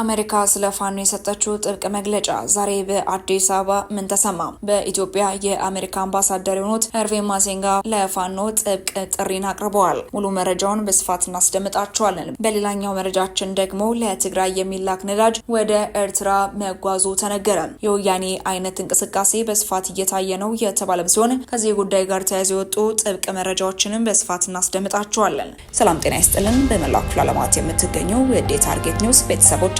አሜሪካ ስለ ፋኖ የሰጠችው ጥብቅ መግለጫ ዛሬ በአዲስ አበባ ምን ተሰማ? በኢትዮጵያ የአሜሪካ አምባሳደር የሆኑት ሄርቬ ማሴንጋ ለፋኖ ጥብቅ ጥሪን አቅርበዋል። ሙሉ መረጃውን በስፋት እናስደምጣቸዋለን። በሌላኛው መረጃችን ደግሞ ለትግራይ የሚላክ ነዳጅ ወደ ኤርትራ መጓዙ ተነገረ። የወያኔ አይነት እንቅስቃሴ በስፋት እየታየ ነው የተባለም ሲሆን ከዚህ ጉዳይ ጋር ተያይዞ የወጡ ጥብቅ መረጃዎችንም በስፋት እናስደምጣቸዋለን። ሰላም ጤና ይስጥልን። በመላው ክፍለ ዓለማት የምትገኙ የዴ ታርጌት ኒውስ ቤተሰቦች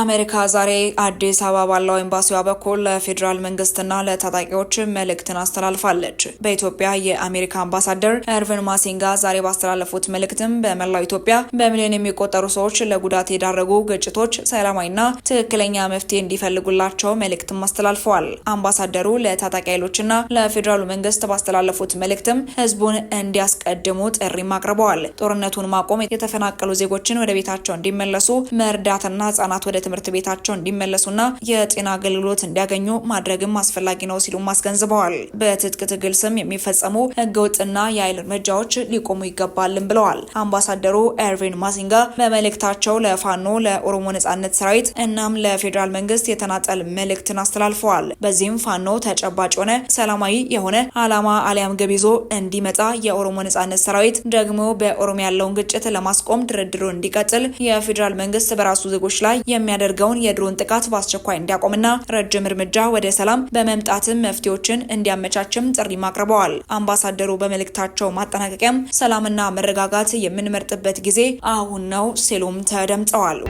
አሜሪካ ዛሬ አዲስ አበባ ባለው ኤምባሲዋ በኩል ለፌዴራል መንግስትና ለታጣቂዎች መልእክትን አስተላልፋለች። በኢትዮጵያ የአሜሪካ አምባሳደር ኤርቪን ማሲንጋ ዛሬ ባስተላለፉት መልእክትም በመላው ኢትዮጵያ በሚሊዮን የሚቆጠሩ ሰዎች ለጉዳት የዳረጉ ግጭቶች ሰላማዊና ትክክለኛ መፍትሄ እንዲፈልጉላቸው መልእክትም አስተላልፈዋል። አምባሳደሩ ለታጣቂ ኃይሎችና ለፌዴራሉ መንግስት ባስተላለፉት መልእክትም ህዝቡን እንዲያስቀድሙ ጥሪም አቅርበዋል። ጦርነቱን ማቆም፣ የተፈናቀሉ ዜጎችን ወደ ቤታቸው እንዲመለሱ መርዳትና ህጻናት ወደ ትምህርት ቤታቸው እንዲመለሱና የጤና አገልግሎት እንዲያገኙ ማድረግም አስፈላጊ ነው ሲሉም አስገንዝበዋል። በትጥቅ ትግል ስም የሚፈጸሙ ህገወጥና የኃይል እርምጃዎች ሊቆሙ ይገባልም ብለዋል። አምባሳደሩ ኤርቪን ማሲንጋ በመልእክታቸው ለፋኖ ለኦሮሞ ነጻነት ሰራዊት እናም ለፌዴራል መንግስት የተናጠል መልእክትን አስተላልፈዋል። በዚህም ፋኖ ተጨባጭ የሆነ ሰላማዊ የሆነ አላማ አሊያም ግብ ይዞ እንዲመጣ፣ የኦሮሞ ነጻነት ሰራዊት ደግሞ በኦሮሚያ ያለውን ግጭት ለማስቆም ድርድሩ እንዲቀጥል፣ የፌዴራል መንግስት በራሱ ዜጎች ላይ የሚያ የሚያደርገውን የድሮን ጥቃት በአስቸኳይ እንዲያቆምና ረጅም እርምጃ ወደ ሰላም በመምጣትም መፍትሄዎችን እንዲያመቻችም ጥሪም አቅርበዋል። አምባሳደሩ በመልእክታቸው ማጠናቀቂያም ሰላምና መረጋጋት የምንመርጥበት ጊዜ አሁን ነው ሲሉም ተደምጠዋል።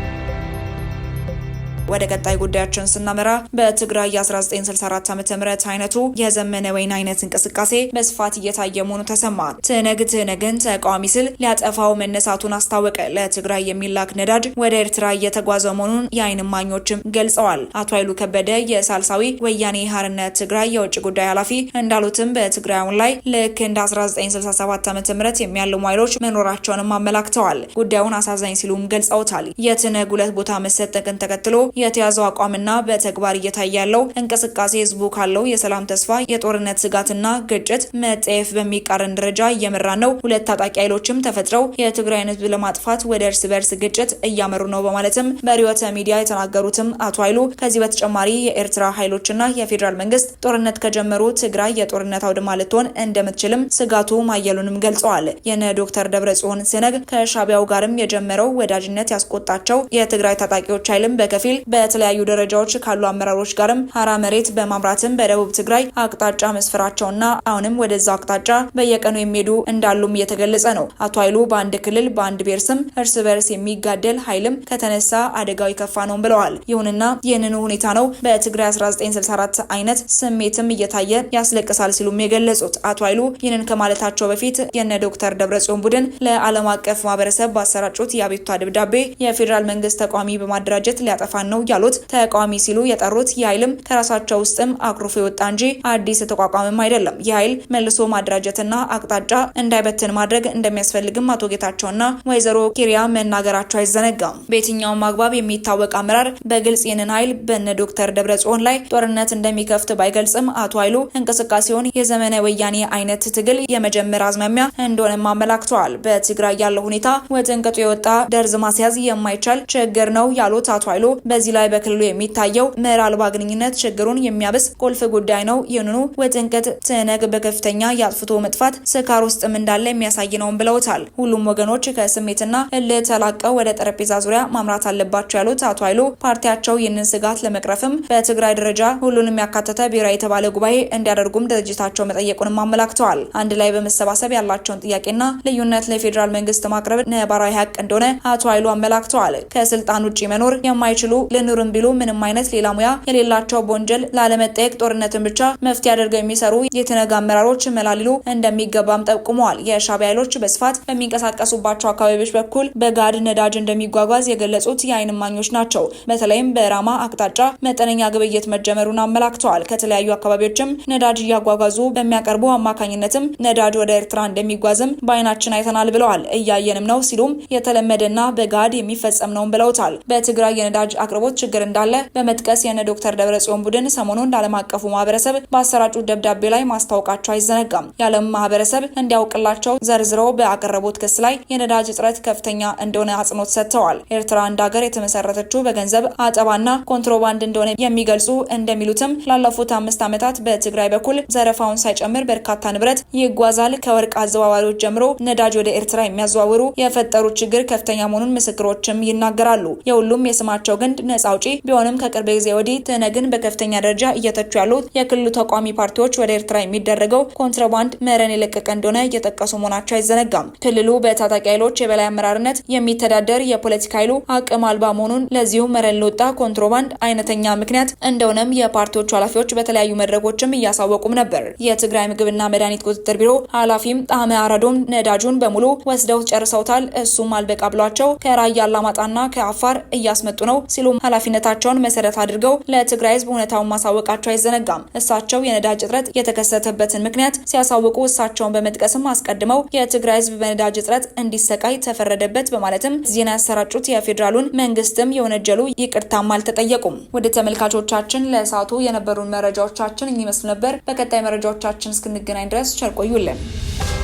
ወደ ቀጣይ ጉዳያችን ስናመራ በትግራይ የ1964 ዓ ም አይነቱ የዘመነ ወይን አይነት እንቅስቃሴ በስፋት እየታየ መሆኑ ተሰማ። ትነግ ትነግን ተቃዋሚ ስል ሊያጠፋው መነሳቱን አስታወቀ። ለትግራይ የሚላክ ነዳጅ ወደ ኤርትራ እየተጓዘ መሆኑን የአይን ማኞችም ገልጸዋል። አቶ ኃይሉ ከበደ የሳልሳዊ ወያኔ ሀርነ ትግራይ የውጭ ጉዳይ ኃላፊ እንዳሉትም በትግራይ አሁን ላይ ልክ እንደ 1967 ዓ ም የሚያልሙ ኃይሎች መኖራቸውንም አመላክተዋል። ጉዳዩን አሳዛኝ ሲሉም ገልጸውታል። የትነግ ሁለት ቦታ መሰጠቅን ተከትሎ የተያዘው አቋምና በተግባር እየታየ ያለው እንቅስቃሴ ህዝቡ ካለው የሰላም ተስፋ የጦርነት ስጋትና ግጭት መጠየፍ በሚቃረን ደረጃ እየመራ ነው። ሁለት ታጣቂ ኃይሎችም ተፈጥረው የትግራይን ህዝብ ለማጥፋት ወደ እርስ በርስ ግጭት እያመሩ ነው በማለትም በሪዮተ ሚዲያ የተናገሩትም አቶ ኃይሉ ከዚህ በተጨማሪ የኤርትራ ኃይሎችና የፌዴራል መንግስት ጦርነት ከጀመሩ ትግራይ የጦርነት አውድማ ልትሆን እንደምትችልም ስጋቱ ማየሉንም ገልጸዋል። የነ ዶክተር ጽዮን ሲነግ ከሻቢያው ጋርም የጀመረው ወዳጅነት ያስቆጣቸው የትግራይ ታጣቂዎች ኃይልም በከፊል በተለያዩ ደረጃዎች ካሉ አመራሮች ጋርም ሀራ መሬት በማምራትም በደቡብ ትግራይ አቅጣጫ መስፈራቸውና አሁንም ወደዛ አቅጣጫ በየቀኑ የሚሄዱ እንዳሉም እየተገለጸ ነው። አቶ ኃይሉ በአንድ ክልል በአንድ ብሔር ስም እርስ በርስ የሚጋደል ኃይልም ከተነሳ አደጋው የከፋ ነው ብለዋል። ይሁንና ይህንኑ ሁኔታ ነው በትግራይ 1964 አይነት ስሜትም እየታየ ያስለቅሳል ሲሉም የገለጹት አቶ ኃይሉ ይህንን ከማለታቸው በፊት የነ ዶክተር ደብረጽዮን ቡድን ለዓለም አቀፍ ማህበረሰብ ባሰራጩት የአቤቱታ ደብዳቤ የፌዴራል መንግስት ተቋሚ በማደራጀት ሊያጠፋን ነው ያሉት ተቃዋሚ ሲሉ የጠሩት ይህ ኃይልም ከራሳቸው ውስጥም አኩርፎ የወጣ እንጂ አዲስ የተቋቋመም አይደለም። ይህ ኃይል መልሶ ማደራጀትና አቅጣጫ እንዳይበትን ማድረግ እንደሚያስፈልግም አቶ ጌታቸውና ወይዘሮ ኪሪያ መናገራቸው አይዘነጋም። በየትኛውም አግባብ የሚታወቅ አመራር በግልጽ ይህንን ኃይል በነ ዶክተር ደብረጽዮን ላይ ጦርነት እንደሚከፍት ባይገልጽም አቶ ኃይሉ እንቅስቃሴውን የዘመነ ወያኔ አይነት ትግል የመጀመር አዝማሚያ እንደሆነም አመላክተዋል። በትግራይ ያለው ሁኔታ ወጥንቅጡ የወጣ ደርዝ ማስያዝ የማይቻል ችግር ነው ያሉት አቶ ኃይሉ በዚህ ላይ በክልሉ የሚታየው ምህር አልባ ግንኙነት ችግሩን የሚያብስ ቁልፍ ጉዳይ ነው። ይህንኑ ወጥንቅት ትህነግ በከፍተኛ የአጥፍቶ መጥፋት ስካር ውስጥም እንዳለ የሚያሳይ ነውም ብለውታል። ሁሉም ወገኖች ከስሜትና እልህ ተላቀው ወደ ጠረጴዛ ዙሪያ ማምራት አለባቸው ያሉት አቶ ኃይሉ ፓርቲያቸው ይህንን ስጋት ለመቅረፍም በትግራይ ደረጃ ሁሉንም ያካተተ ብሔራዊ የተባለ ጉባኤ እንዲያደርጉም ድርጅታቸው መጠየቁንም አመላክተዋል። አንድ ላይ በመሰባሰብ ያላቸውን ጥያቄና ልዩነት ለፌዴራል መንግስት ማቅረብ ነባራዊ ሀቅ እንደሆነ አቶ ኃይሉ አመላክተዋል። ከስልጣን ውጭ መኖር የማይችሉ ልኑርም ቢሉ ምንም አይነት ሌላ ሙያ የሌላቸው በወንጀል ላለመጠየቅ ጦርነትን ብቻ መፍትሄ አድርገው የሚሰሩ የተነጋ አመራሮች መላሊሉ እንደሚገባም ጠቁመዋል። የሻቢያ ኃይሎች በስፋት በሚንቀሳቀሱባቸው አካባቢዎች በኩል በጋድ ነዳጅ እንደሚጓጓዝ የገለጹት የአይን ማኞች ናቸው። በተለይም በራማ አቅጣጫ መጠነኛ ግብይት መጀመሩን አመላክተዋል። ከተለያዩ አካባቢዎችም ነዳጅ እያጓጓዙ በሚያቀርቡ አማካኝነትም ነዳጅ ወደ ኤርትራ እንደሚጓዝም በአይናችን አይተናል ብለዋል። እያየንም ነው ሲሉም የተለመደና በጋድ የሚፈጸም ነውም ብለውታል። በትግራይ የነዳጅ አቅርቦ አቅርቦት ችግር እንዳለ በመጥቀስ የነ ዶክተር ደብረጽዮን ቡድን ሰሞኑን ለዓለም አቀፉ ማህበረሰብ በአሰራጩት ደብዳቤ ላይ ማስታወቃቸው አይዘነጋም። የዓለም ማህበረሰብ እንዲያውቅላቸው ዘርዝረው በአቀረቡት ክስ ላይ የነዳጅ እጥረት ከፍተኛ እንደሆነ አጽንኦት ሰጥተዋል። ኤርትራ እንደ ሀገር የተመሰረተችው በገንዘብ አጠባና ኮንትሮባንድ እንደሆነ የሚገልጹ እንደሚሉትም ላለፉት አምስት ዓመታት በትግራይ በኩል ዘረፋውን ሳይጨምር በርካታ ንብረት ይጓዛል። ከወርቅ አዘዋዋሪዎች ጀምሮ ነዳጅ ወደ ኤርትራ የሚያዘዋውሩ የፈጠሩ ችግር ከፍተኛ መሆኑን ምስክሮችም ይናገራሉ። የሁሉም የስማቸው ግንድ ነጻ አውጪ ቢሆንም ከቅርብ ጊዜ ወዲህ ትህነግን በከፍተኛ ደረጃ እየተቹ ያሉት የክልሉ ተቋሚ ፓርቲዎች ወደ ኤርትራ የሚደረገው ኮንትሮባንድ መረን የለቀቀ እንደሆነ እየጠቀሱ መሆናቸው አይዘነጋም። ክልሉ በታጣቂ ኃይሎች የበላይ አመራርነት የሚተዳደር የፖለቲካ ኃይሉ አቅም አልባ መሆኑን ለዚሁም መረን ለወጣ ኮንትሮባንድ አይነተኛ ምክንያት እንደሆነም የፓርቲዎቹ ኃላፊዎች በተለያዩ መድረኮችም እያሳወቁም ነበር። የትግራይ ምግብና መድኃኒት ቁጥጥር ቢሮ ኃላፊም ጣመ አረዶም ነዳጁን በሙሉ ወስደው ጨርሰውታል፣ እሱም አልበቃ ብሏቸው ከራያ አላማጣና ከአፋር እያስመጡ ነው ሲሉም ኃላፊነታቸውን መሰረት አድርገው ለትግራይ ህዝብ እውነታውን ማሳወቃቸው አይዘነጋም። እሳቸው የነዳጅ እጥረት የተከሰተበትን ምክንያት ሲያሳውቁ እሳቸውን በመጥቀስም አስቀድመው የትግራይ ህዝብ በነዳጅ እጥረት እንዲሰቃይ ተፈረደበት በማለትም ዜና ያሰራጩት የፌዴራሉን መንግስትም የወነጀሉ ይቅርታም አልተጠየቁም። ወደ ተመልካቾቻችን ለእሳቱ የነበሩን መረጃዎቻችን ይመስሉ ነበር። በቀጣይ መረጃዎቻችን እስክንገናኝ ድረስ ቸር ቆዩልን።